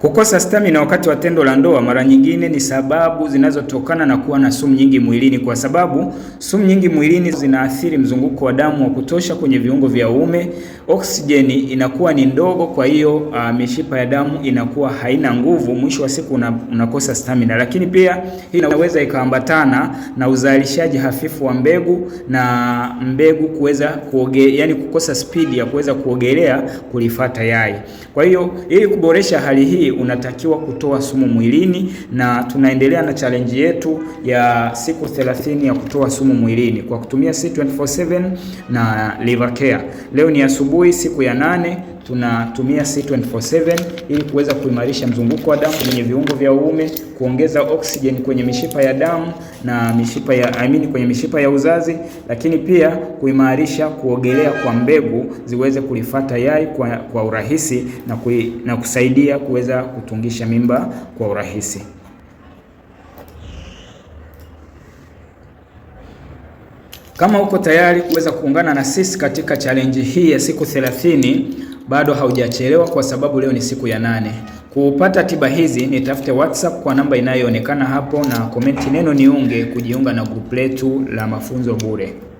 Kukosa stamina wakati wa tendo la ndoa mara nyingine ni sababu zinazotokana na kuwa na sumu nyingi mwilini, kwa sababu sumu nyingi mwilini zinaathiri mzunguko wa damu wa kutosha kwenye viungo vya uume. Oksijeni inakuwa ni ndogo, kwa hiyo uh, mishipa ya damu inakuwa haina nguvu. Mwisho wa siku una, unakosa stamina, lakini pia hii inaweza ikaambatana na uzalishaji hafifu wa mbegu na mbegu kuweza kuoge, yani kukosa spidi ya kuweza kuogelea kulifata yai. Kwa hiyo ili kuboresha hali hii hii unatakiwa kutoa sumu mwilini, na tunaendelea na challenge yetu ya siku 30 ya kutoa sumu mwilini kwa kutumia C247 na Liver Care. Leo ni asubuhi siku ya nane tunatumia C247 ili kuweza kuimarisha mzunguko wa damu kwenye viungo vya uume, kuongeza oksijeni kwenye mishipa ya damu na mishipa ya I mean, kwenye mishipa ya uzazi, lakini pia kuimarisha kuogelea kwa mbegu ziweze kulifata yai kwa, kwa urahisi na, kui, na kusaidia kuweza kutungisha mimba kwa urahisi. Kama uko tayari kuweza kuungana na sisi katika challenge hii ya siku bado haujachelewa kwa sababu leo ni siku ya nane. Kupata tiba hizi nitafute WhatsApp kwa namba inayoonekana hapo na komenti neno niunge kujiunga na grupu letu la mafunzo bure.